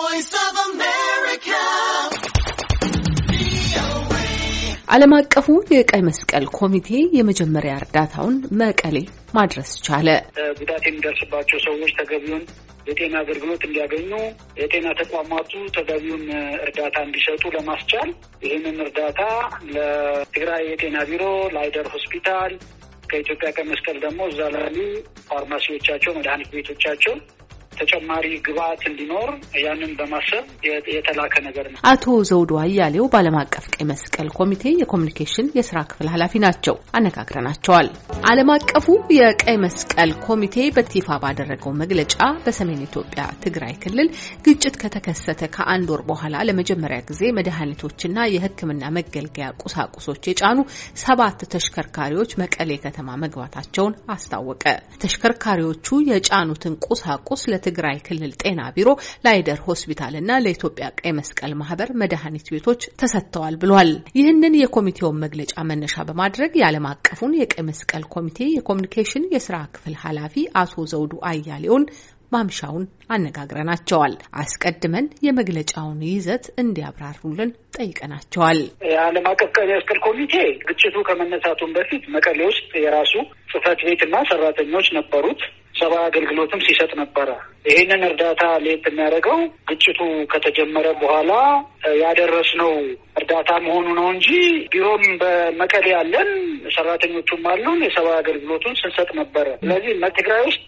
voice of America. ዓለም አቀፉ የቀይ መስቀል ኮሚቴ የመጀመሪያ እርዳታውን መቀሌ ማድረስ ቻለ። ጉዳት የሚደርስባቸው ሰዎች ተገቢውን የጤና አገልግሎት እንዲያገኙ የጤና ተቋማቱ ተገቢውን እርዳታ እንዲሰጡ ለማስቻል ይህንን እርዳታ ለትግራይ የጤና ቢሮ፣ ለአይደር ሆስፒታል ከኢትዮጵያ ቀይ መስቀል ደግሞ እዛ ላሉ ፋርማሲዎቻቸው፣ መድኃኒት ቤቶቻቸው ተጨማሪ ግብዓት እንዲኖር ያንን በማሰብ የተላከ ነገር ነው። አቶ ዘውዱ አያሌው በዓለም አቀፍ ቀይ መስቀል ኮሚቴ የኮሚኒኬሽን የስራ ክፍል ኃላፊ ናቸው። አነጋግረናቸዋል። ዓለም አቀፉ የቀይ መስቀል ኮሚቴ በቲፋ ባደረገው መግለጫ በሰሜን ኢትዮጵያ ትግራይ ክልል ግጭት ከተከሰተ ከአንድ ወር በኋላ ለመጀመሪያ ጊዜ መድኃኒቶችና የሕክምና መገልገያ ቁሳቁሶች የጫኑ ሰባት ተሽከርካሪዎች መቀሌ ከተማ መግባታቸውን አስታወቀ። ተሽከርካሪዎቹ የጫኑትን ቁሳቁስ ለ ለትግራይ ክልል ጤና ቢሮ፣ ለአይደር ሆስፒታል እና ለኢትዮጵያ ቀይ መስቀል ማህበር መድኃኒት ቤቶች ተሰጥተዋል ብሏል። ይህንን የኮሚቴውን መግለጫ መነሻ በማድረግ የዓለም አቀፉን የቀይ መስቀል ኮሚቴ የኮሚኒኬሽን የስራ ክፍል ኃላፊ አቶ ዘውዱ አያሌውን ማምሻውን አነጋግረናቸዋል። አስቀድመን የመግለጫውን ይዘት እንዲያብራሩልን ጠይቀናቸዋል። የዓለም አቀፍ ቀይ መስቀል ኮሚቴ ግጭቱ ከመነሳቱን በፊት መቀሌ ውስጥ የራሱ ጽህፈት ቤትና ሰራተኞች ነበሩት። ሰብአዊ አገልግሎትም ሲሰጥ ነበረ። ይህንን እርዳታ ሌት የሚያደርገው ግጭቱ ከተጀመረ በኋላ ያደረስነው እርዳታ መሆኑ ነው እንጂ ቢሮም በመቀሌ ያለን ሰራተኞቹም አሉን የሰብአዊ አገልግሎቱን ስንሰጥ ነበረ። ስለዚህ ትግራይ ውስጥ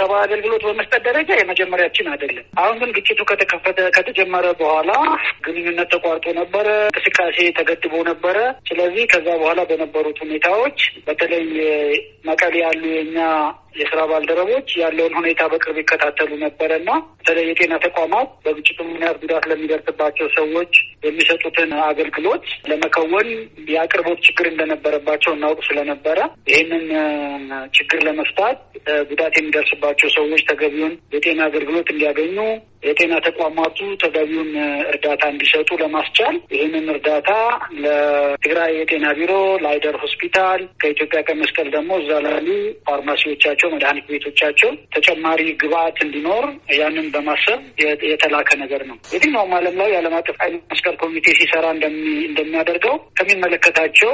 ሰብአዊ አገልግሎት በመስጠት ደረጃ የመጀመሪያችን አይደለም። አሁን ግን ግጭቱ ከተከፈተ ከተጀመረ በኋላ ግንኙነት ተቋርጦ ነበረ፣ እንቅስቃሴ ተገድቦ ነበረ። ስለዚህ ከዛ በኋላ በነበሩት ሁኔታዎች በተለይ መቀሌ ያሉ የእኛ የስራ ባልደረቦች ያለውን ሁኔታ በቅርብ ይከታተሉ ነበረና በተለይ የጤና ተቋማት በግጭቱ ምክንያት ጉዳት ለሚደርስባቸው ሰዎች የሚሰጡትን አገልግሎት ለመከወን የአቅርቦት ችግር እንደነበረባቸው እናውቅ ስለነበረ ይህንን ችግር ለመፍታት ጉዳት የሚደርስባቸው ሰዎች ተገቢውን የጤና አገልግሎት እንዲያገኙ የጤና ተቋማቱ ተገቢውን እርዳታ እንዲሰጡ ለማስቻል ይህንን እርዳታ ለትግራይ የጤና ቢሮ፣ ለአይደር ሆስፒታል፣ ከኢትዮጵያ ቀይ መስቀል ደግሞ እዛ ላሉ ፋርማሲዎቻቸው፣ መድኃኒት ቤቶቻቸው ተጨማሪ ግብአት እንዲኖር ያንን በማሰብ የተላከ ነገር ነው። የትኛውም ዓለም ላይ የዓለም አቀፍ ቀይ መስቀል ኢንተር ኮሚቴ ሲሰራ እንደሚያደርገው ከሚመለከታቸው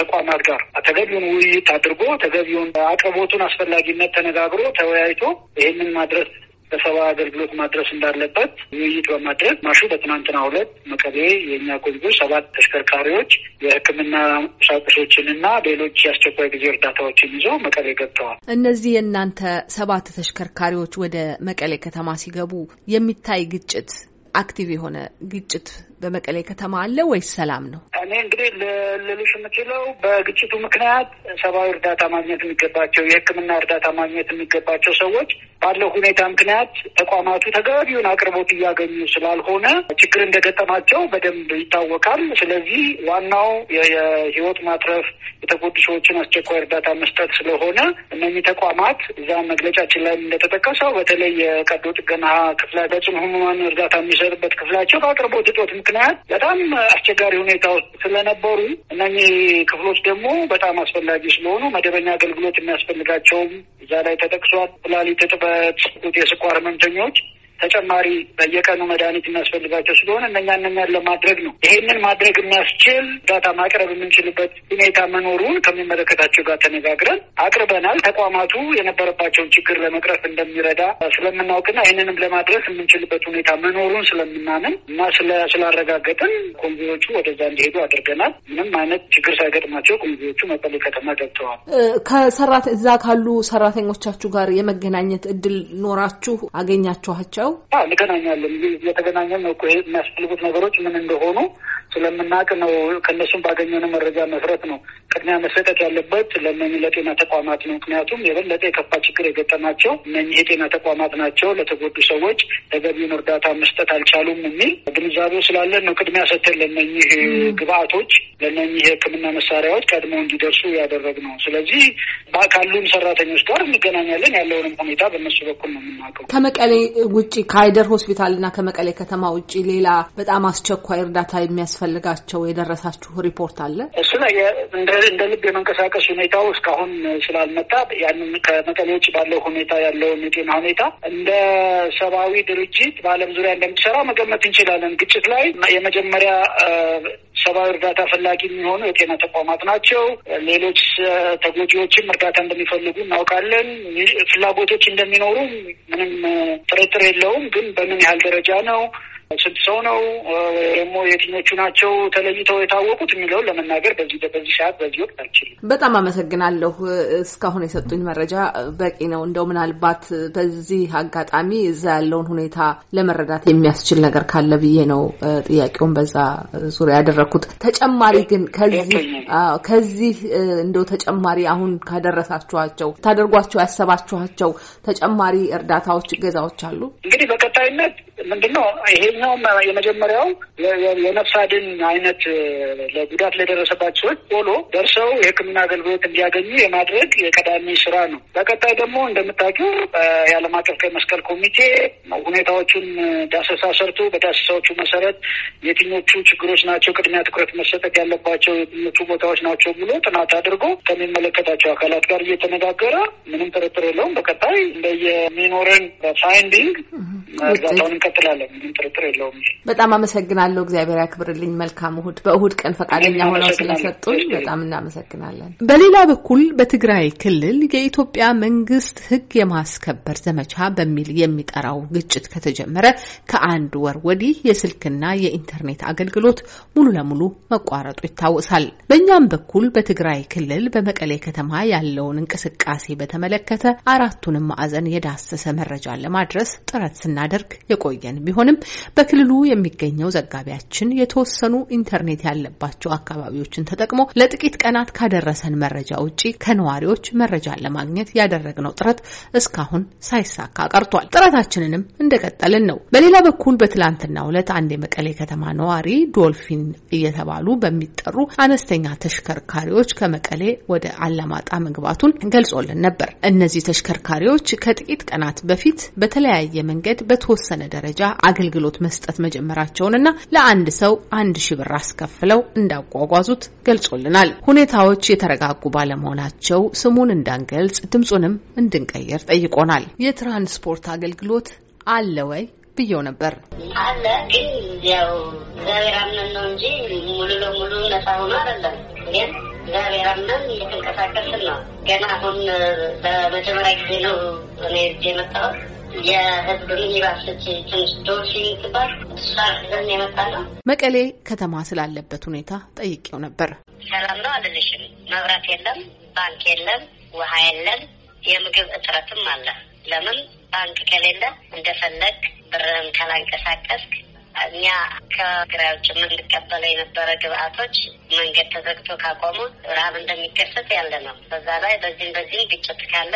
ተቋማት ጋር ተገቢውን ውይይት አድርጎ ተገቢውን አቅርቦቱን አስፈላጊነት ተነጋግሮ ተወያይቶ ይህንን ማድረስ ለሰባ አገልግሎት ማድረስ እንዳለበት ውይይት በማድረግ ማሹ በትናንትና ሁለት መቀሌ የእኛ ቁልጎች ሰባት ተሽከርካሪዎች የሕክምና ቁሳቁሶችንና ሌሎች የአስቸኳይ ጊዜ እርዳታዎችን ይዞ መቀሌ ገብተዋል። እነዚህ የእናንተ ሰባት ተሽከርካሪዎች ወደ መቀሌ ከተማ ሲገቡ የሚታይ ግጭት አክቲቭ የሆነ ግጭት በመቀሌ ከተማ አለ ወይስ ሰላም ነው? እኔ እንግዲህ ልልሽ የምችለው በግጭቱ ምክንያት ሰብአዊ እርዳታ ማግኘት የሚገባቸው የሕክምና እርዳታ ማግኘት የሚገባቸው ሰዎች ባለው ሁኔታ ምክንያት ተቋማቱ ተገቢውን አቅርቦት እያገኙ ስላልሆነ ችግር እንደገጠማቸው በደንብ ይታወቃል። ስለዚህ ዋናው የህይወት ማትረፍ የተጎዱ ሰዎችን አስቸኳይ እርዳታ መስጠት ስለሆነ እነኚህ ተቋማት እዛ መግለጫችን ላይ እንደተጠቀሰው በተለይ የቀዶ ጥገና ክፍላ በጽኑ ህሙማን እርዳታ የሚሰጥበት ክፍላቸው በአቅርቦት እጦት ምክንያት በጣም አስቸጋሪ ሁኔታዎች ስለነበሩ እነኚህ ክፍሎች ደግሞ በጣም አስፈላጊ ስለሆኑ መደበኛ አገልግሎት የሚያስፈልጋቸውም እዛ ላይ ተጠቅሷል። ኩላሊት እጥበት፣ የስኳር ህመምተኞች ተጨማሪ በየቀኑ መድኃኒት የሚያስፈልጋቸው ስለሆነ እነኛ እነኛን ለማድረግ ነው። ይሄንን ማድረግ የሚያስችል ዳታ ማቅረብ የምንችልበት ሁኔታ መኖሩን ከሚመለከታቸው ጋር ተነጋግረን አቅርበናል። ተቋማቱ የነበረባቸውን ችግር ለመቅረፍ እንደሚረዳ ስለምናውቅና ይህንንም ለማድረስ የምንችልበት ሁኔታ መኖሩን ስለምናምን እና ስላረጋገጥን ኮንቪዎቹ ወደዛ እንዲሄዱ አድርገናል። ምንም አይነት ችግር ሳይገጥማቸው ኮንቪዎቹ መቀሌ ከተማ ገብተዋል። ከሰራት እዛ ካሉ ሰራተኞቻችሁ ጋር የመገናኘት እድል ኖራችሁ አገኛችኋቸው? ነው እንገናኛለን። እየተገናኘን ነው። የሚያስፈልጉት ነገሮች ምን እንደሆኑ ስለምናውቅ ነው። ከእነሱም ባገኘነው መረጃ መሰረት ነው ቅድሚያ መሰጠት ያለበት ለእነኝህ ለጤና ተቋማት ነው። ምክንያቱም የበለጠ የከፋ ችግር የገጠማቸው እነኝህ የጤና ተቋማት ናቸው። ለተጎዱ ሰዎች ተገቢውን እርዳታ መስጠት አልቻሉም የሚል ግንዛቤው ስላለን ነው ቅድሚያ ሰጥተን ለእነኝህ ግብአቶች፣ ለእነኝህ የሕክምና መሳሪያዎች ቀድሞ እንዲደርሱ ያደረግ ነው ስለዚህ ካሉን ሰራተኞች ጋር እንገናኛለን። ያለውንም ሁኔታ በእነሱ በኩል ነው የምናውቀው። ከመቀሌ ውጭ ከአይደር ሆስፒታል እና ከመቀሌ ከተማ ውጭ ሌላ በጣም አስቸኳይ እርዳታ የሚያስፈ ፈልጋቸው የደረሳችሁ ሪፖርት አለ? እሱ እንደ ልብ የመንቀሳቀስ ሁኔታው እስካሁን ስላልመጣ ያንን ከመቀሌ ውጭ ባለው ሁኔታ ያለውን የጤና ሁኔታ እንደ ሰብአዊ ድርጅት በዓለም ዙሪያ እንደሚሰራ መገመት እንችላለን። ግጭት ላይ የመጀመሪያ ሰብአዊ እርዳታ ፈላጊ የሚሆኑ የጤና ተቋማት ናቸው። ሌሎች ተጎጂዎችም እርዳታ እንደሚፈልጉ እናውቃለን። ፍላጎቶች እንደሚኖሩ ምንም ጥርጥር የለውም። ግን በምን ያህል ደረጃ ነው ሰው ነው ደግሞ የትኞቹ ናቸው ተለይተው የታወቁት የሚለውን ለመናገር በዚህ በዚህ ሰዓት በዚህ ወቅት አልችልም። በጣም አመሰግናለሁ። እስካሁን የሰጡኝ መረጃ በቂ ነው። እንደው ምናልባት በዚህ አጋጣሚ እዛ ያለውን ሁኔታ ለመረዳት የሚያስችል ነገር ካለ ብዬ ነው ጥያቄውን በዛ ዙሪያ ያደረግኩት። ተጨማሪ ግን ከዚህ ከዚህ እንደው ተጨማሪ አሁን ካደረሳችኋቸው ታደርጓቸው ያሰባችኋቸው ተጨማሪ እርዳታዎች፣ ገዛዎች አሉ እንግዲህ በቀጣይነት ምንድነው ይሄኛ አንደኛውም የመጀመሪያው የነፍስ አድን አይነት ለጉዳት ለደረሰባቸው ሰዎች ቶሎ ደርሰው የሕክምና አገልግሎት እንዲያገኙ የማድረግ የቀዳሚ ስራ ነው። በቀጣይ ደግሞ እንደምታውቂው የዓለም አቀፍ ቀይ መስቀል ኮሚቴ ሁኔታዎቹን ዳሰሳ ሰርቶ በዳሰሳዎቹ መሰረት የትኞቹ ችግሮች ናቸው ቅድሚያ ትኩረት መሰጠት ያለባቸው የትኞቹ ቦታዎች ናቸው ብሎ ጥናት አድርጎ ከሚመለከታቸው አካላት ጋር እየተነጋገረ ምንም ጥርጥር የለውም በቀጣይ እንደየሚኖረን ፋይንዲንግ እርዳታውን እንቀጥላለን። ምንም ጥርጥር ችግር የለውም። በጣም አመሰግናለሁ። እግዚአብሔር ያክብርልኝ። መልካም እሁድ። በእሁድ ቀን ፈቃደኛ ሆነው ስለሰጡኝ በጣም እናመሰግናለን። በሌላ በኩል በትግራይ ክልል የኢትዮጵያ መንግስት ህግ የማስከበር ዘመቻ በሚል የሚጠራው ግጭት ከተጀመረ ከአንድ ወር ወዲህ የስልክና የኢንተርኔት አገልግሎት ሙሉ ለሙሉ መቋረጡ ይታወሳል። በእኛም በኩል በትግራይ ክልል በመቀሌ ከተማ ያለውን እንቅስቃሴ በተመለከተ አራቱንም ማዕዘን የዳሰሰ መረጃ ለማድረስ ጥረት ስናደርግ የቆየን ቢሆንም በክልሉ የሚገኘው ዘጋቢያችን የተወሰኑ ኢንተርኔት ያለባቸው አካባቢዎችን ተጠቅሞ ለጥቂት ቀናት ካደረሰን መረጃ ውጪ ከነዋሪዎች መረጃን ለማግኘት ያደረግነው ጥረት እስካሁን ሳይሳካ ቀርቷል። ጥረታችንንም እንደቀጠልን ነው። በሌላ በኩል በትላንትናው ዕለት አንድ የመቀሌ ከተማ ነዋሪ ዶልፊን እየተባሉ በሚጠሩ አነስተኛ ተሽከርካሪዎች ከመቀሌ ወደ አላማጣ መግባቱን ገልጾልን ነበር። እነዚህ ተሽከርካሪዎች ከጥቂት ቀናት በፊት በተለያየ መንገድ በተወሰነ ደረጃ አገልግሎት መስጠት መጀመራቸውንና ለአንድ ሰው አንድ ሺ ብር አስከፍለው እንዳጓጓዙት ገልጾልናል። ሁኔታዎች የተረጋጉ ባለመሆናቸው ስሙን እንዳንገልጽ ድምፁንም እንድንቀይር ጠይቆናል። የትራንስፖርት አገልግሎት አለ ወይ ብየው ነበር። አለ ግን ያው እግዚአብሔር አምነን ነው እንጂ ሙሉ ለሙሉ ነፃ ሆኖ አይደለም። ግን እግዚአብሔር አምነን እየተንቀሳቀስን ነው። ገና አሁን በመጀመሪያ ጊዜ ነው እኔ የመጣሁት መቀሌ ከተማ ስላለበት ሁኔታ ጠይቄው ነበር። ሰላም ነው አልልሽም። መብራት የለም፣ ባንክ የለም፣ ውሃ የለም፣ የምግብ እጥረትም አለ። ለምን ባንክ ከሌለ እንደፈለግ ብርህን ካላንቀሳቀስክ እኛ ከግራው የምንቀበለ የነበረ ግብአቶች መንገድ ተዘግቶ ካቆሙ ረሀብ እንደሚከሰት ያለ ነው። በዛ ላይ በዚህም በዚህም ግጭት ካለ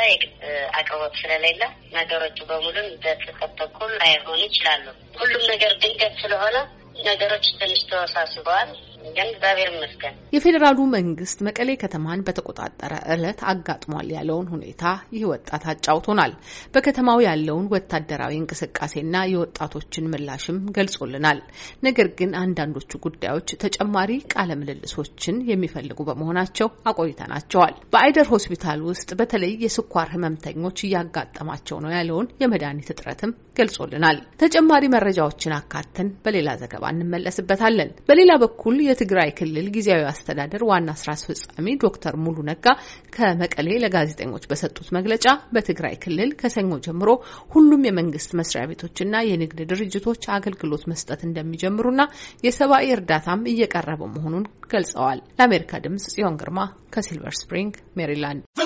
አቅርቦት ስለሌለ ነገሮቹ በሙሉም በጽፈት በኩል ላይሆኑ ይችላሉ። ሁሉም ነገር ድንገት ስለሆነ ነገሮች ትንሽ ተወሳስበዋል። እግዚአብሔር ይመስገን የፌዴራሉ መንግስት መቀሌ ከተማን በተቆጣጠረ ዕለት አጋጥሟል ያለውን ሁኔታ ይህ ወጣት አጫውቶናል። በከተማው ያለውን ወታደራዊ እንቅስቃሴና የወጣቶችን ምላሽም ገልጾልናል። ነገር ግን አንዳንዶቹ ጉዳዮች ተጨማሪ ቃለ ምልልሶችን የሚፈልጉ በመሆናቸው አቆይተናቸዋል። በአይደር ሆስፒታል ውስጥ በተለይ የስኳር ህመምተኞች እያጋጠማቸው ነው ያለውን የመድኃኒት እጥረትም ገልጾልናል። ተጨማሪ መረጃዎችን አካተን በሌላ ዘገባ እንመለስበታለን። በሌላ በኩል የትግራይ ክልል ጊዜያዊ አስተዳደር ዋና ስራ አስፈጻሚ ዶክተር ሙሉ ነጋ ከመቀሌ ለጋዜጠኞች በሰጡት መግለጫ በትግራይ ክልል ከሰኞ ጀምሮ ሁሉም የመንግስት መስሪያ ቤቶችና የንግድ ድርጅቶች አገልግሎት መስጠት እንደሚጀምሩና የሰብአዊ እርዳታም እየቀረበ መሆኑን ገልጸዋል። ለአሜሪካ ድምጽ ጽዮን ግርማ ከሲልቨር ስፕሪንግ ሜሪላንድ።